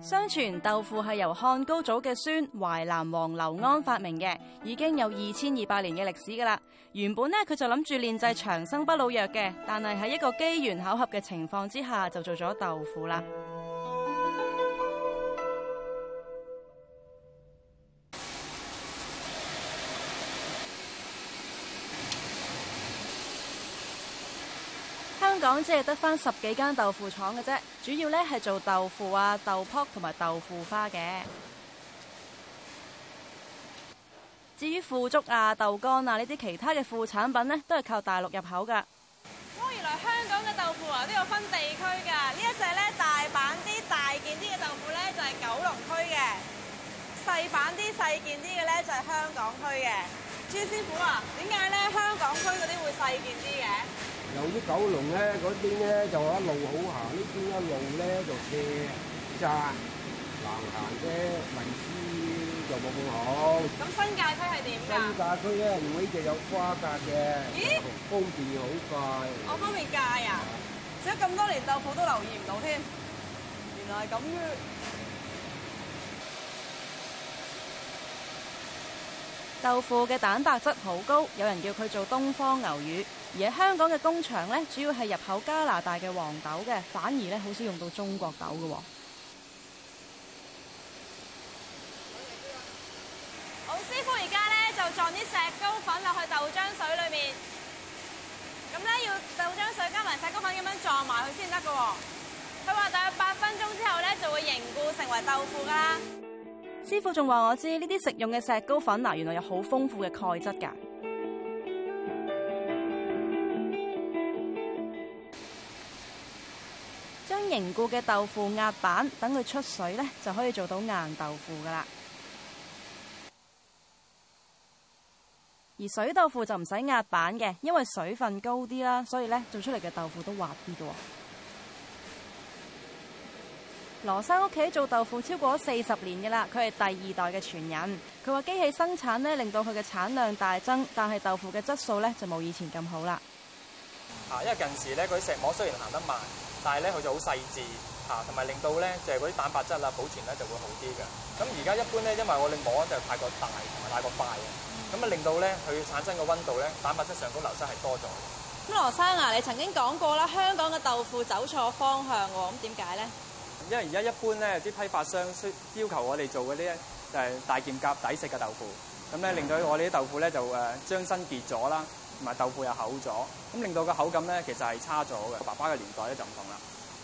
相傳豆腐係由漢高祖嘅孫淮南王劉安發明嘅，已經有二千二百年嘅歷史噶啦。原本呢，佢就諗住煉製長生不老藥嘅，但係喺一個機緣巧合嘅情況之下，就做咗豆腐啦。港只係得翻十幾間豆腐廠嘅啫，主要咧係做豆腐啊、豆泡同埋豆腐花嘅。至於腐竹啊、豆乾啊呢啲其他嘅副產品呢，都係靠大陸入口噶。原來香港嘅豆腐啊，都有分地區噶。呢一隻咧大版啲、大件啲嘅豆腐咧，就係九龍區嘅；細版啲、細件啲嘅咧，就係香港區嘅。朱師傅啊，點解咧香港區嗰啲會細件啲嘅？由於九龍咧，嗰邊咧就一路好行，呢邊一路咧就斜窄難行啲，位置就冇咁好。咁新界區係點㗎？新界區咧，嗰邊就有花甲嘅，方便好快。我方便界啊！食咗咁多年豆腐都留意唔到添，原來係咁。豆腐嘅蛋白質好高，有人叫佢做東方牛乳。而香港嘅工場咧，主要係入口加拿大嘅黃豆嘅，反而咧好少用到中國豆嘅，哦。好、哦、師傅現在，而家咧就撞啲石膏粉落去豆漿水裏面，咁咧要豆漿水加埋石膏粉咁樣撞埋佢先得嘅。佢話大約八分鐘之後咧就會凝固成為豆腐啦。師傅仲話我知呢啲食用嘅石膏粉，啊、原來有好豐富嘅鈣質噶。凝固嘅豆腐壓板，等佢出水呢，就可以做到硬豆腐噶啦。而水豆腐就唔使壓板嘅，因為水分高啲啦，所以呢做出嚟嘅豆腐都滑啲噶。羅生屋企做豆腐超過咗四十年嘅啦，佢係第二代嘅傳人。佢話機器生產呢令到佢嘅產量大增，但係豆腐嘅質素呢就冇以前咁好啦。因為近時呢，佢啲石磨雖然行得慢。但係咧，佢就好細緻，嚇，同埋令到咧就係嗰啲蛋白質啦，保存咧就會好啲嘅。咁而家一般咧，因為我哋磨就太過大同埋太過快啊，咁、嗯、啊令到咧佢產生嘅溫度咧，蛋白質上高流失係多咗。咁，羅生啊，你曾經講過啦，香港嘅豆腐走錯方向喎，點解咧？因為而家一般咧，啲批發商需要求我哋做嗰啲就係大件夾抵食嘅豆腐，咁、嗯、咧令到我哋啲豆腐咧就誒將身結咗啦。同埋豆腐又厚咗，咁令到個口感咧，其實係差咗嘅。爸爸嘅年代咧就唔同啦。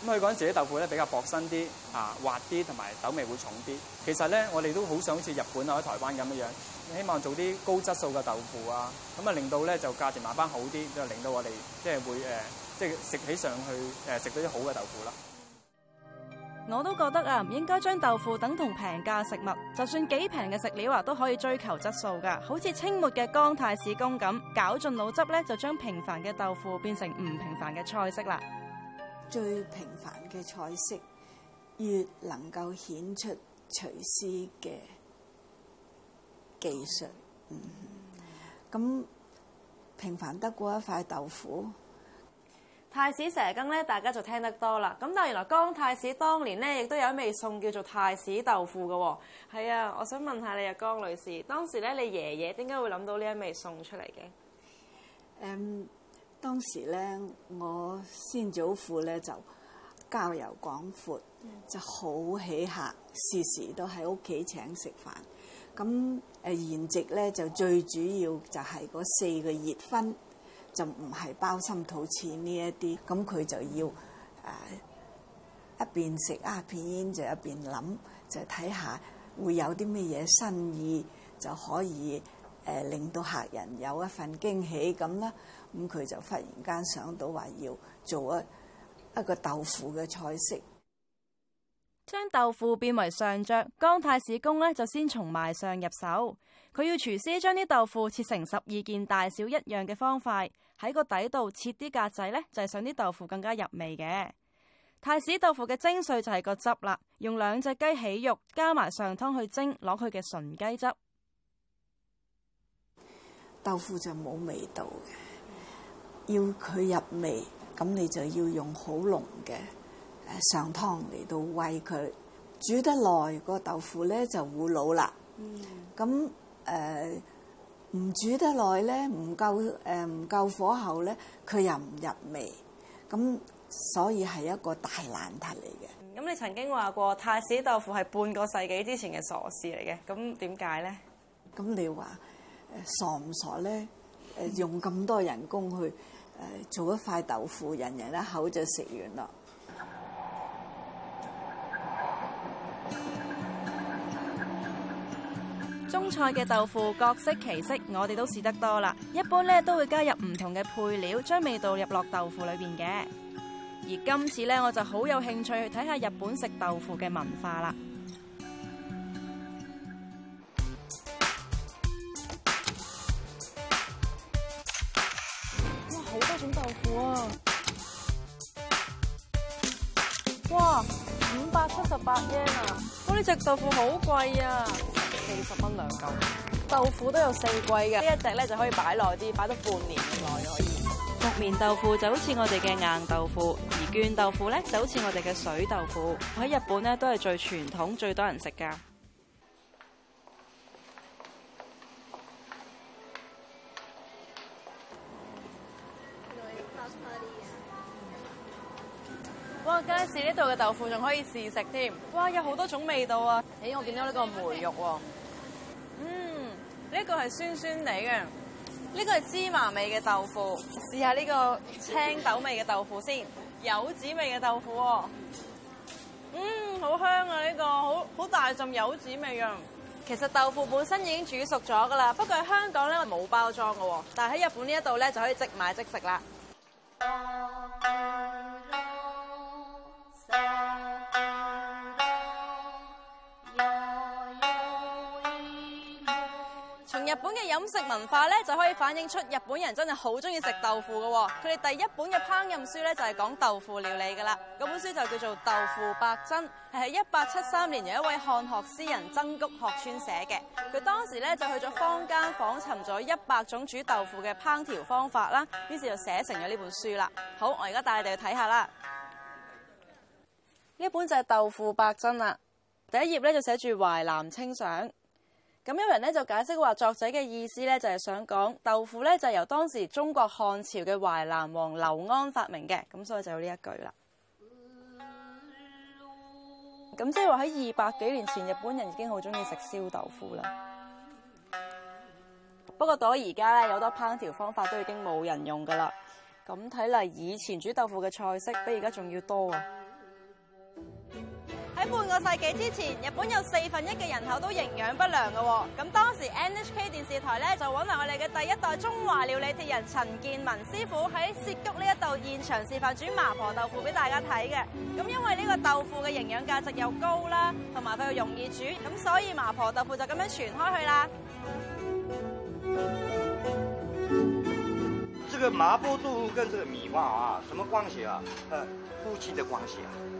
咁佢嗰陣自己豆腐咧比較薄身啲、啊，滑啲，同埋豆味會重啲。其實咧，我哋都好想好似日本啊、喺台灣咁樣樣，希望做啲高質素嘅豆腐啊，咁啊令到咧就價錢賣返好啲，就令到我哋即係會、呃、即係食起上去、呃、食到啲好嘅豆腐啦。我都覺得啊，唔應該將豆腐等同平價食物，就算幾平嘅食料啊，都可以追求質素噶。好似清末嘅江太史公咁，絞盡腦汁咧，就將平凡嘅豆腐變成唔平凡嘅菜式啦。最平凡嘅菜式，越能夠顯出廚師嘅技術。嗯，咁平凡得過一塊豆腐。太史蛇羹咧，大家就聽得多啦。咁但係原來江太史當年咧，亦都有一味餸叫做太史豆腐嘅喎、哦。係啊，我想問下你啊，江女士，當時咧，你爺爺點解會諗到呢一味餸出嚟嘅？誒，當時咧，我先祖父咧就交遊廣闊，就好喜客，時時都喺屋企請食飯。咁誒，筵席咧就最主要就係嗰四個熱葷。就唔係包心肚刺呢一啲，咁佢就要誒、呃、一邊食鴉片煙，就一邊諗就睇下會有啲咩嘢新意就可以誒、呃、令到客人有一份驚喜咁啦。咁佢就忽然間想到話要做一一個豆腐嘅菜式，將豆腐變為上醬。江太史公呢就先從賣相入手，佢要廚師將啲豆腐切成十二件大小一樣嘅方塊。喺個底度切啲格仔咧，就係、是、想啲豆腐更加入味嘅。太史豆腐嘅精髓就係個汁啦，用兩隻雞起肉加埋上湯去蒸，攞佢嘅純雞汁。豆腐就冇味道嘅、嗯，要佢入味，咁你就要用好濃嘅誒上湯嚟到餵佢，煮得耐個豆腐咧就會老啦。嗯，咁誒。呃唔煮得耐咧，唔夠誒唔夠火候咧，佢又唔入味，咁所以係一個大難題嚟嘅。咁你曾經話過，太史豆腐係半個世紀之前嘅傻事嚟嘅，咁點解咧？咁你話傻唔傻咧？誒用咁多人工去誒做一塊豆腐，人人一口就食完啦。菜嘅豆腐各色其色，我哋都試得多啦。一般咧都會加入唔同嘅配料，將味道入落豆腐裏邊嘅。而今次咧，我就好有興趣去睇下日本食豆腐嘅文化啦。哇，好多種豆腐啊！哇，五百七十八円啊！哇，呢隻豆腐好貴啊！四十蚊兩嚿，豆腐都有四季嘅，呢一隻咧就可以擺耐啲，擺到半年咁耐可以。木棉豆腐就好似我哋嘅硬豆腐，而絹豆腐咧就好似我哋嘅水豆腐，喺日本咧都係最傳統，最多人食噶。哇！街市呢度嘅豆腐仲可以試食添，哇！有好多種味道啊！咦、哎，我見到呢個梅肉喎。嗯，呢、這個係酸酸地嘅，呢、這個係芝麻味嘅豆腐。試下呢個青豆味嘅豆腐先， 柚子味嘅豆腐喎、哦。嗯，好香啊、這個！呢個好好大陣柚子味啊。其實豆腐本身已經煮熟咗噶啦，不過喺香港咧我冇包裝噶，但係喺日本呢一度咧就可以即買即食啦。 從日本嘅飲食文化咧，就可以反映出日本人真係好中意食豆腐嘅。佢哋第一本嘅烹飪書咧，就係講豆腐料理嘅啦。嗰本書就叫做《豆腐百珍》，係喺一八七三年有一位漢學詩人曾谷學川寫嘅。佢當時咧就去咗坊間訪尋咗一百種煮豆腐嘅烹調方法啦，於是就寫成咗呢本書啦。好，我而家帶你哋去睇下啦。呢本就係《豆腐百珍》啦。第一頁咧就寫住淮南清相。咁有人咧就解釋話，作者嘅意思咧就係想講豆腐咧就由當時中國漢朝嘅淮南王劉安發明嘅，咁所以就有呢一句啦。咁即係話喺二百幾年前，日本人已經好中意食燒豆腐啦。不過到而家咧，有多烹調方法都已經冇人用噶啦。咁睇嚟以前煮豆腐嘅菜式比而家仲要多啊。喺半個世紀之前，日本有四分一嘅人口都營養不良嘅、哦。咁當時 NHK 電視台咧就搵埋我哋嘅第一代中華料理鐵人陳建文師傅喺涉谷呢一度現場示範煮麻婆豆腐俾大家睇嘅。咁因為呢個豆腐嘅營養價值又高啦，同埋佢又容易煮，咁所以麻婆豆腐就咁樣傳開去啦。這個麻婆豆腐跟這個米飯啊，什麼關係啊？夫、呃、妻的關係啊。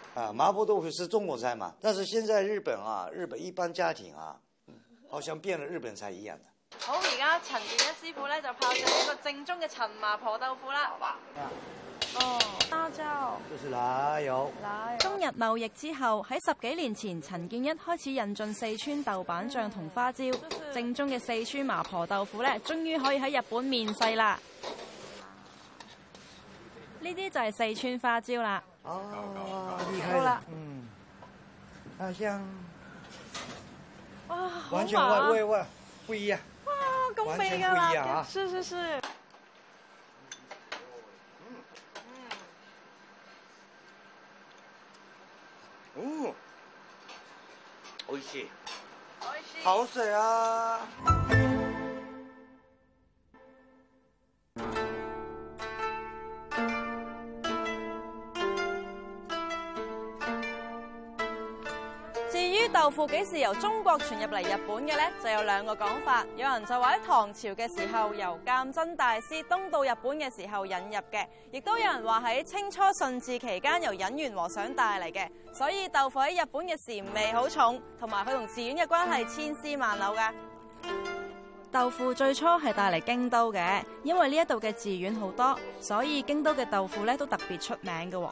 啊，麻婆豆腐是中國菜嘛？但是現在日本啊，日本一般家庭啊，好像變了日本菜一樣。好，而家陳建一師傅呢，就泡上一個正宗嘅陳麻婆豆腐啦。好吧。哦，花椒。就是奶油。中日貿易之後，喺十幾年前，陳建一開始引進四川豆瓣醬同花椒，正宗嘅四川麻婆豆腐呢，終於可以喺日本面世啦。呢啲就係四川花椒啦，夠、哦、啦，嗯，好香，哇，好麻，完全喂喂喂完全唔一樣哇，咁味㗎啦，是是是，嗯，嗯，哦，好嗯、啊，好鮮，好水啊！豆腐幾時由中國傳入嚟日本嘅呢？就有兩個講法，有人就話喺唐朝嘅時候由鑑真大師東渡日本嘅時候引入嘅，亦都有人話喺清初順治期間由隱元和尚帶嚟嘅。所以豆腐喺日本嘅禪味好重，同埋佢同寺院嘅關係千絲萬縷噶。豆腐最初係帶嚟京都嘅，因為呢一度嘅寺院好多，所以京都嘅豆腐咧都特別出名嘅。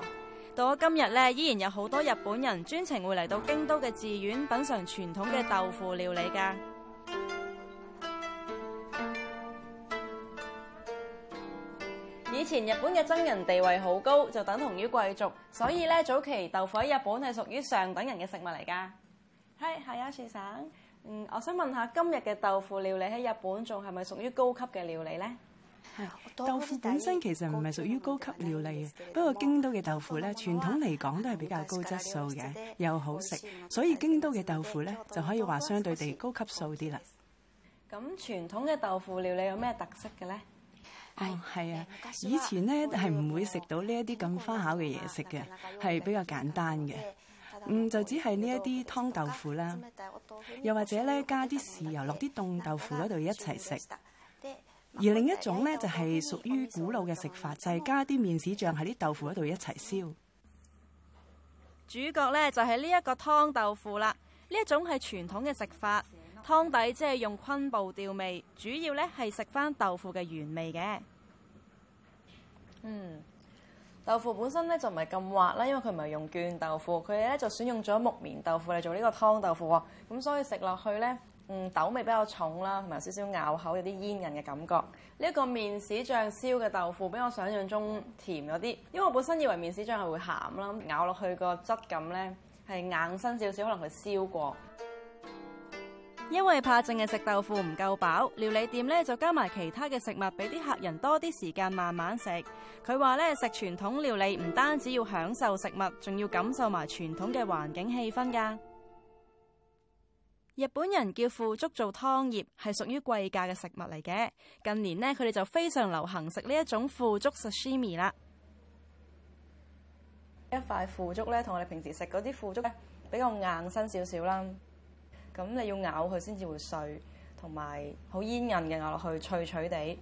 到今日咧，依然有好多日本人專程會嚟到京都嘅寺院品嘗傳統嘅豆腐料理噶。以前日本嘅僧人地位好高，就等同於貴族，所以咧早期豆腐喺日本係屬於上等人嘅食物嚟噶。係係啊，先生，嗯，我想問下今日嘅豆腐料理喺日本仲係咪屬於高級嘅料理呢？豆腐本身其實唔係屬於高級料理嘅，不過京都嘅豆腐咧，傳統嚟講都係比較高質素嘅，又好食，所以京都嘅豆腐咧就可以話相對地高級素啲啦。咁傳統嘅豆腐料理有咩特色嘅咧？哦，係啊，以前咧係唔會食到呢一啲咁花巧嘅嘢食嘅，係比較簡單嘅，嗯，就只係呢一啲湯豆腐啦，又或者咧加啲豉油落啲凍豆腐嗰度一齊食。而另一種呢，就係屬於古老嘅食法，就係加啲麵豉醬喺啲豆腐喺度一齊燒。主角呢，就係呢一個湯豆腐啦，呢一種係傳統嘅食法，湯底即係用昆布調味，主要呢係食翻豆腐嘅原味嘅。嗯，豆腐本身呢，就唔係咁滑啦，因為佢唔係用絹豆腐，佢哋呢就選用咗木棉豆腐嚟做呢個湯豆腐喎，咁所以食落去呢。嗯，豆味比較重啦，同埋少少咬口，有啲煙韌嘅感覺。呢一個麵豉醬燒嘅豆腐比我想象中甜咗啲，因為我本身以為麵豉醬係會鹹啦。咬落去個質感呢係硬身少少，可能佢燒過。因為怕淨係食豆腐唔夠飽，料理店呢就加埋其他嘅食物俾啲客人多啲時間慢慢食。佢話呢，食傳統料理唔單止要享受食物，仲要感受埋傳統嘅環境氣氛㗎。日本人叫腐竹做湯葉，係屬於貴價嘅食物嚟嘅。近年呢，佢哋就非常流行食呢一種腐竹 Sashimi 啦。一塊腐竹咧，同我哋平時食嗰啲腐竹咧比較硬身少少啦。咁你要咬佢先至會碎，同埋好煙韌嘅咬落去脆脆地。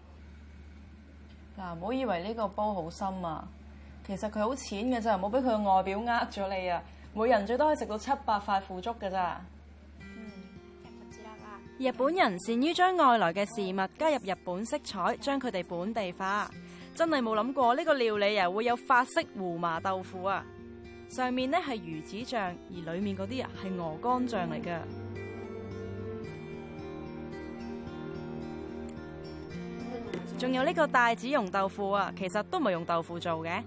嗱，唔好以為呢個煲好深啊，其實佢好淺嘅咋，唔好俾佢個外表呃咗你啊。每人最多可以食到七八塊腐竹嘅咋。日本人善於將外來嘅事物加入日本色彩，將佢哋本地化。真係冇諗過呢個料理啊會有法式胡麻豆腐啊！上面呢係魚子醬，而裏面嗰啲啊係鵝肝醬嚟嘅。仲有呢個帶子蓉豆腐啊，其實都唔係用豆腐做嘅。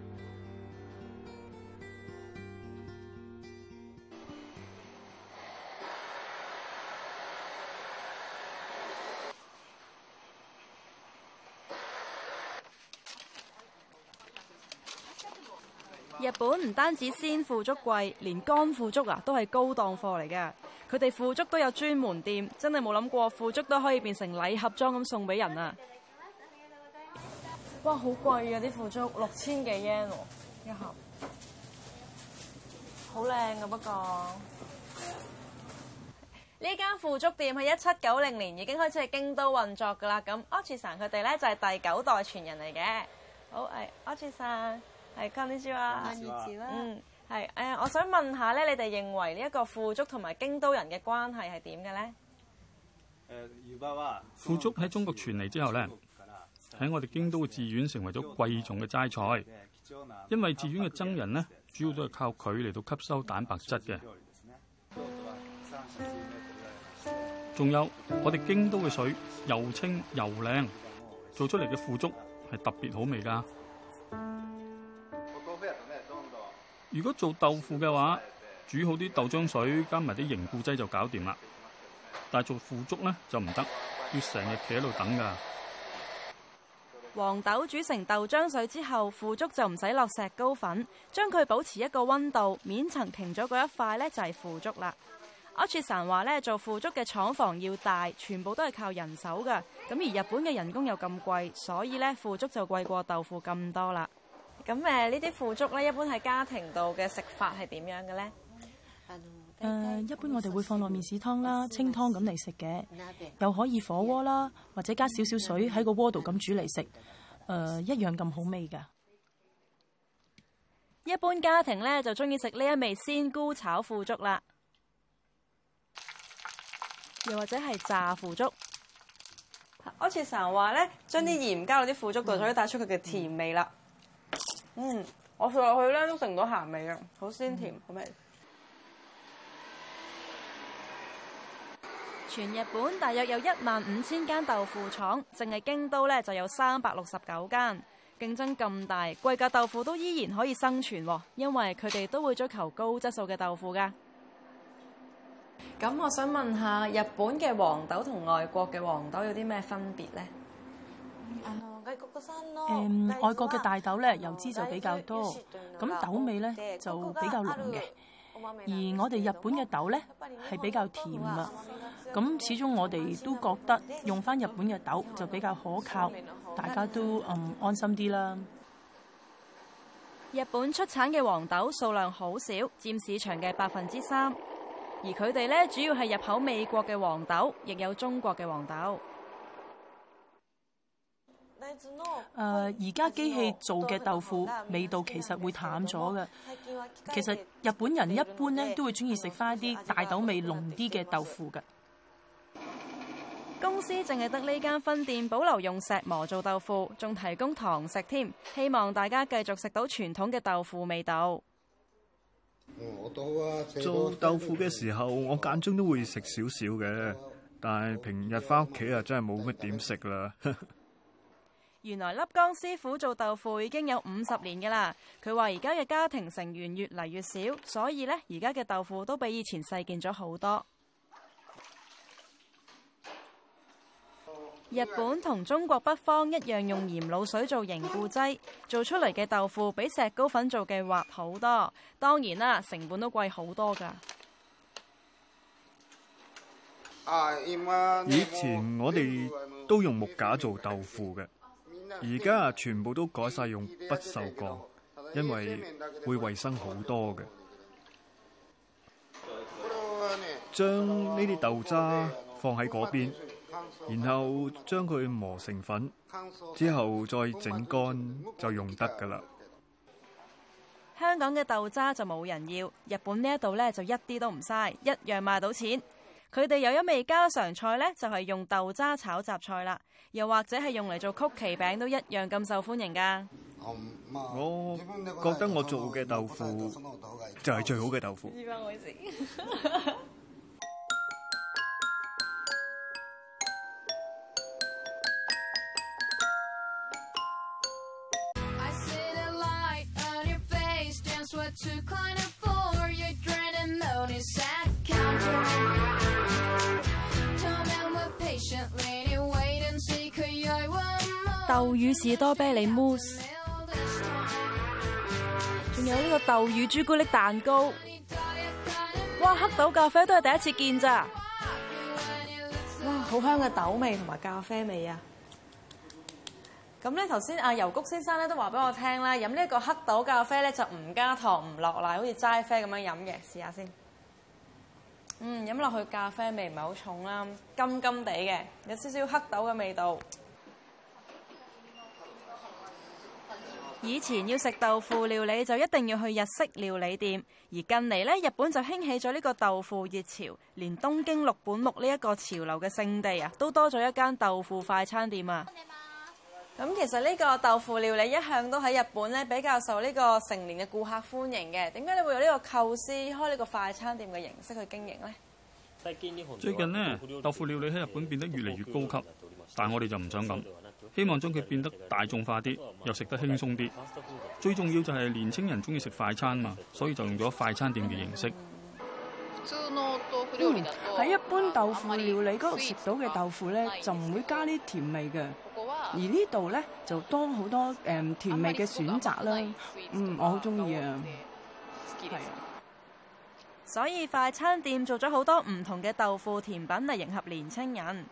本唔單止鮮腐竹貴，連乾腐竹啊都係高檔貨嚟嘅。佢哋腐竹都有專門店，真係冇諗過腐竹都可以變成禮盒裝咁送俾人啊！哇，好貴啊！啲腐竹六千幾 yen 喎，一盒好靚啊。不過呢間腐竹店喺一七九零年已經開始喺京都運作噶啦。咁 o t s o n 佢哋咧就係、是、第九代傳人嚟嘅。好誒 o t s o n 係，康嗯，係，誒、呃，我想問下咧，你哋認為呢一個腐竹同埋京都人嘅關係係點嘅咧？腐竹喺中國傳嚟之後咧，喺我哋京都嘅寺院成為咗貴重嘅齋菜，因為寺院嘅僧人咧，主要都係靠佢嚟到吸收蛋白質嘅。仲有我哋京都嘅水又清又靚，做出嚟嘅腐竹係特別好味㗎。如果做豆腐嘅話，煮好啲豆漿水，加埋啲凝固劑就搞掂啦。但係做腐竹呢，就唔得，要成日企喺度等噶。黃豆煮成豆漿水之後，腐竹就唔使落石膏粉，將佢保持一個溫度，面層凝咗嗰一塊呢，就係腐竹啦。阿雪神話呢，做腐竹嘅廠房要大，全部都係靠人手噶。咁而日本嘅人工又咁貴，所以呢，腐竹就貴過豆腐咁多啦。咁誒呢啲腐竹咧，一般喺家庭度嘅食法係點樣嘅咧？誒、uh，一般我哋會放落麵豉湯啦，清湯咁嚟食嘅，又可以火鍋啦，或者加少少水喺個鍋度咁煮嚟食，uh, 一樣咁好味㗎。一般家庭咧就中意食呢一味鮮菇炒腐竹啦，又或者係炸腐竹，好似成日話咧，將啲鹽加落啲腐竹度，就可以帶出佢嘅甜味啦。嗯嗯，我食落去咧都食唔到鹹味啊，嗯，好鮮甜好味。全日本大約有一萬五千間豆腐廠，淨係京都呢就有三百六十九間。競爭咁大，貴價豆腐都依然可以生存，因為佢哋都會追求高質素嘅豆腐噶。咁我想問下，日本嘅黃豆同外國嘅黃豆有啲咩分別呢？嗯誒、嗯，外國嘅大豆咧，油脂就比較多，咁豆味咧就比較濃嘅。而我哋日本嘅豆咧，係比較甜啦。咁始終我哋都覺得用翻日本嘅豆就比較可靠，大家都嗯安心啲啦。日本出產嘅黃豆數量好少，佔市場嘅百分之三。而佢哋咧主要係入口美國嘅黃豆，亦有中國嘅黃豆。誒、呃，而家機器做嘅豆腐味道其實會淡咗嘅。其實日本人一般咧都會中意食翻啲大豆味濃啲嘅豆腐嘅。公司淨係得呢間分店保留用石磨做豆腐，仲提供糖食添。希望大家繼續食到傳統嘅豆腐味道。做豆腐嘅時候，我間中都會食少少嘅，但係平日翻屋企啊，真係冇乜點食啦。原來粒江師傅做豆腐已經有五十年嘅啦。佢話而家嘅家庭成員越嚟越少，所以呢而家嘅豆腐都比以前細件咗好多。日本同中國北方一樣用鹽滷水做凝固劑，做出嚟嘅豆腐比石膏粉做嘅滑好多。當然啦，成本都貴好多㗎。以前我哋都用木架做豆腐嘅。而家全部都改晒用不鏽鋼，因為會衛生好多嘅。將呢啲豆渣放喺嗰邊，然後將佢磨成粉，之後再整乾就用得噶啦。香港嘅豆渣就冇人要，日本呢一度呢就一啲都唔嘥，一樣賣到錢。佢哋有一味家常菜咧，就係用豆渣炒雜菜啦，又或者係用嚟做曲奇餅都一樣咁受歡迎噶。我我覺得我做嘅豆腐就係最好嘅豆腐。 豆乳士多啤梨 mousse，仲有呢個豆乳朱古力蛋糕，哇，黑豆咖啡都係第一次見咋，哇，好香嘅豆味同埋咖啡味啊，咁咧頭先啊尤谷先生咧都話俾我聽啦，飲呢個黑豆咖啡咧就唔加糖唔落奶，好似齋啡咁樣飲嘅，試下先，嗯飲落去咖啡味唔係好重啦，甘甘地嘅，有少少黑豆嘅味道。以前要食豆腐料理就一定要去日式料理店，而近嚟呢，日本就興起咗呢個豆腐熱潮，連東京六本木呢一個潮流嘅聖地啊，都多咗一間豆腐快餐店啊。咁其實呢個豆腐料理一向都喺日本呢比較受呢個成年嘅顧客歡迎嘅，點解你會有呢個構思開呢個快餐店嘅形式去經營咧？最近呢，豆腐料理喺日本變得越嚟越高級。但我哋就唔想咁，希望將佢變得大眾化啲，又食得輕鬆啲。最重要就係年青人中意食快餐嘛，所以就用咗快餐店嘅形式。喺、嗯、一般豆腐料理嗰度食到嘅豆腐呢，就唔會加啲甜味嘅，而呢度呢，就多好多、嗯、甜味嘅選擇啦。嗯，我好中意啊，係啊。所以快餐店做咗好多唔同嘅豆腐甜品嚟迎合年青人。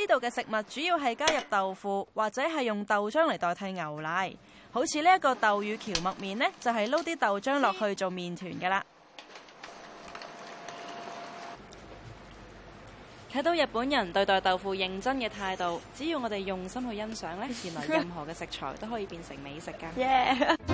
呢度嘅食物主要係加入豆腐，或者係用豆漿嚟代替牛奶。好似呢一個豆乳蕎麥麵呢，就係撈啲豆漿落去做麵糰噶啦。睇到日本人對待豆腐認真嘅態度，只要我哋用心去欣賞呢，原來任何嘅食材都可以變成美食噶。Yeah.